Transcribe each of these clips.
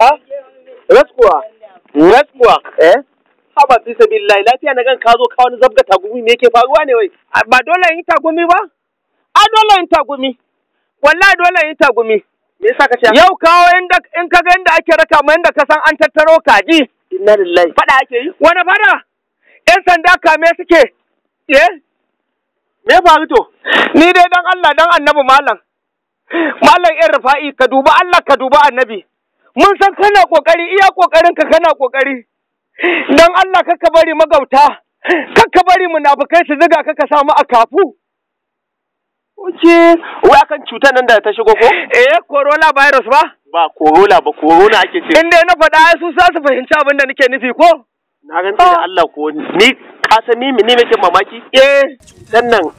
Ha? Raskuwa. Raskuwa. Eh? Haba fi sabillahi lafiya na gan ka zo ka zabga tagumi me yake faruwa ne wai? Ba dole yin tagumi ba? A dole yin tagumi. Wallahi dole yin tagumi. Me yasa ka ce? Yau kawo inda in ka ga inda ake raka mu inda ka san an tattaro kaji. Inna lillahi. Fada ake yi? Wani fada? Yan sanda kame suke. Eh? Me faru to? Ni dai don Allah don Annabi malam. Malam Irfa'i ka duba Allah ka duba Annabi. mun san kana kokari iya kokarin ka kana kokari dan Allah kaka bari magauta kaka bari munafukai su ziga kaka samu a kafu Oke, wai akan cutar nan da ta shigo ko? Eh, corona virus ba? Ba corona ba, corona ake ce. Inda na faɗa su za su fahimci abin da nake nufi ko? Na ganta da Allah ko ni ka san ni ni nake mamaki? Eh, dan nan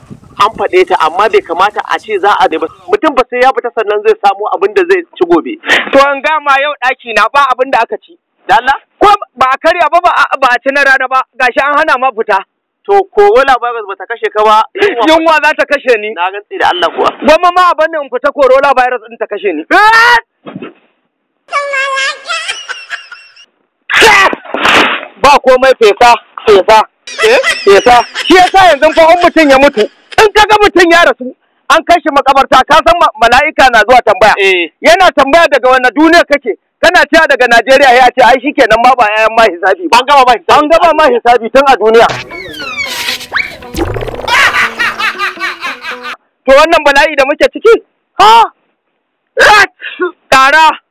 an faɗe ta amma bai kamata a ce za a ba mutum ba sai ya fita sannan zai samu abin da zai ci gobe to an gama yau ɗaki na ba abin da aka ci dalla ko ba a karya ba ba a ci na rana ba gashi an hana ma fita to ko wala ba ba ta kashe ka ba yunwa za ta kashe ni na gantsi da Allah kuwa gwamma ma a bannin fita corona virus din ta kashe ni ba komai fesa fesa eh? fesa shi yasa yanzu fa mutum ya mutu in ka ga mutum ya rasu an kai shi makabarta ka san mala'ika na zuwa tambaya eh. yana tambaya daga wani duniya kake kana cewa daga Najeriya ya ce ai shikenan ma ba ayan ma hisabi ba an gaba ma hisabi an gaba ma hisabi tun a duniya to wannan bala'i da muke ciki ha